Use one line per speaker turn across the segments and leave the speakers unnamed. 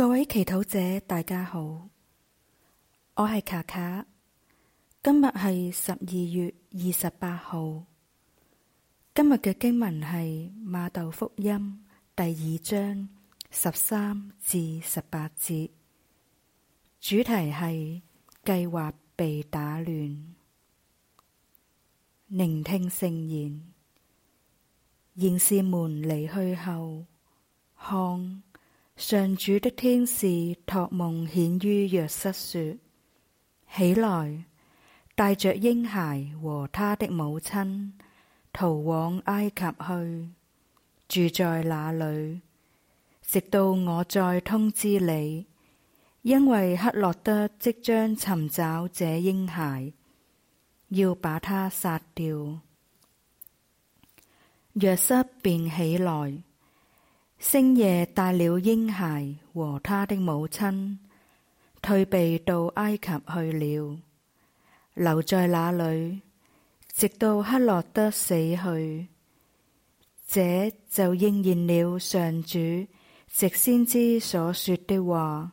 各位祈禱者，大家好，我係卡卡，今日係十二月二十八號，今日嘅經文係馬竇福音第二章十三至十八節，主題係計劃被打亂，聆聽聖言，賢士們離去後，看。上主的天使托夢顯於若瑟說：起來，帶着嬰孩和他的母親，逃往埃及去，住在那裏，直到我再通知你，因為黑落德即將尋找這嬰孩，要把他殺掉。若瑟便起來。星夜帶了嬰孩和他的母親退避到埃及去了，留在那裏直到黑落德死去。這就應驗了上主藉先知所說的話：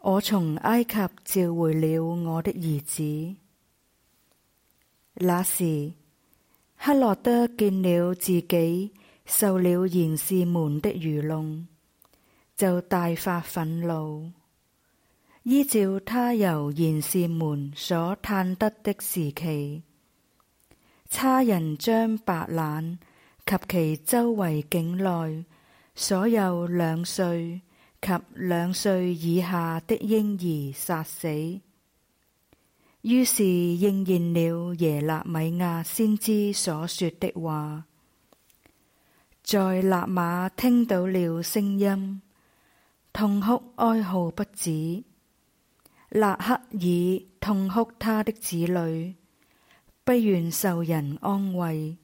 我從埃及召回了我的兒子。那時，黑落德見了自己。受了賢士們的愚弄，就大發忿怒。依照他由賢士們所探得的時期，差人將白冷及其周圍境內所有兩歲及兩歲以下的嬰兒殺死。於是應驗了耶肋米亞先知所說的話。在辣瑪聽到了聲音，痛哭哀號不止。辣黑爾痛哭他的子女，不願受人安慰，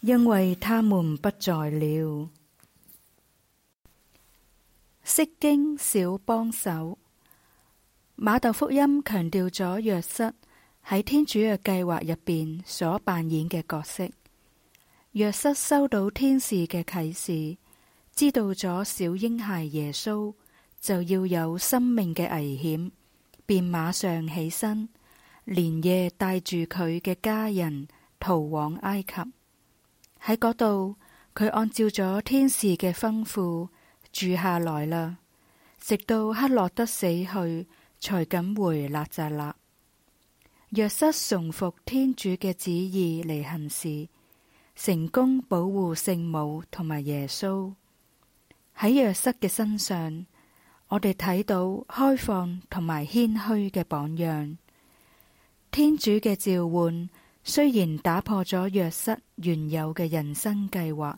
因為他們不在了。釋經小幫手，瑪竇福音強調咗約瑟喺天主嘅計劃入邊所扮演嘅角色。若瑟收到天使嘅啟示，知道咗小嬰孩耶穌就要有生命嘅危險，便馬上起身，連夜帶住佢嘅家人逃往埃及。喺嗰度，佢按照咗天使嘅吩咐住下來啦，直到黑落德死去，才敢回納匝肋。若瑟順服天主嘅旨意嚟行事。成功保護聖母同埋耶穌。喺約瑟嘅身上，我哋睇到開放同埋謙虛嘅榜樣。天主嘅召喚雖然打破咗約瑟原有嘅人生計劃，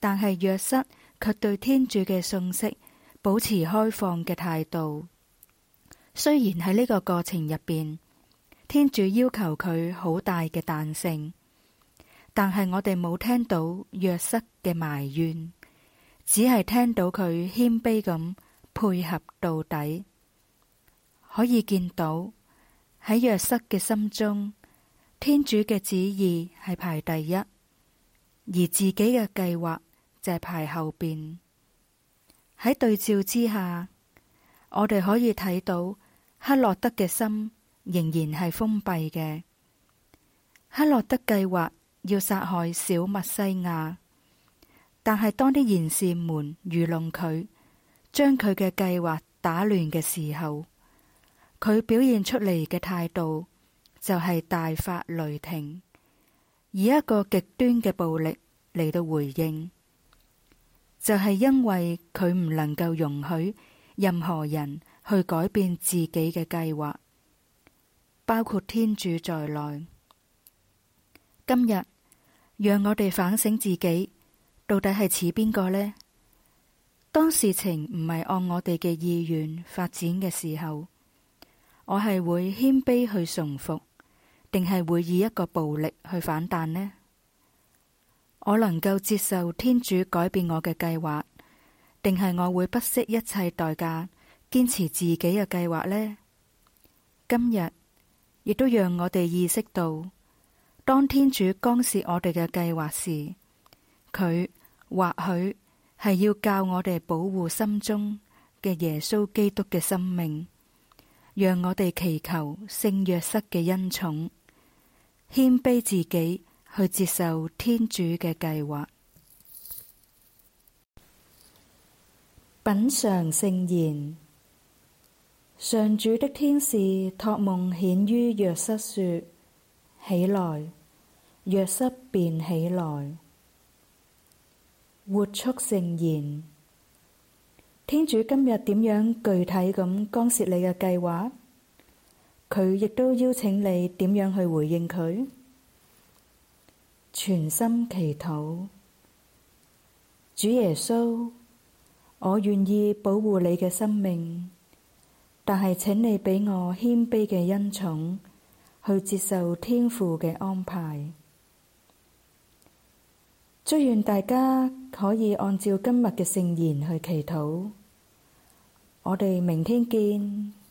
但係約瑟卻對天主嘅信息保持開放嘅態度。雖然喺呢個過程入邊，天主要求佢好大嘅彈性。但係我哋冇聽到若瑟嘅埋怨，只係聽到佢謙卑咁配合到底。可以見到喺若瑟嘅心中，天主嘅旨意係排第一，而自己嘅計劃就係排後邊。喺對照之下，我哋可以睇到黑落德嘅心仍然係封閉嘅。黑落德計劃。要殺害小默西亞，但係當啲賢士們愚弄佢，將佢嘅計劃打亂嘅時候，佢表現出嚟嘅態度就係大發雷霆，以一個極端嘅暴力嚟到回應，就係、是、因為佢唔能夠容許任何人去改變自己嘅計劃，包括天主在內。今日。讓我哋反省自己到底係似邊個呢？當事情唔係按我哋嘅意願發展嘅時候，我係會謙卑去順服，定係會以一個暴力去反彈呢？我能夠接受天主改變我嘅計劃，定係我會不惜一切代價堅持自己嘅計劃呢？今日亦都讓我哋意識到。當天主干涉我哋嘅計劃時，佢或許係要教我哋保護心中嘅耶穌基督嘅生命，讓我哋祈求聖若瑟嘅恩寵，謙卑自己去接受天主嘅計劃，品嘗聖言。上主的天使託夢顯於若瑟說。起來，若瑟便起來，活出聖言。天主今日點樣具體咁干涉你嘅計劃？佢亦都邀請你點樣去回應佢？全心祈禱，主耶穌，我願意保護你嘅生命，但係請你畀我謙卑嘅恩寵。去接受天父嘅安排。祝願大家可以按照今日嘅聖言去祈禱。我哋明天見。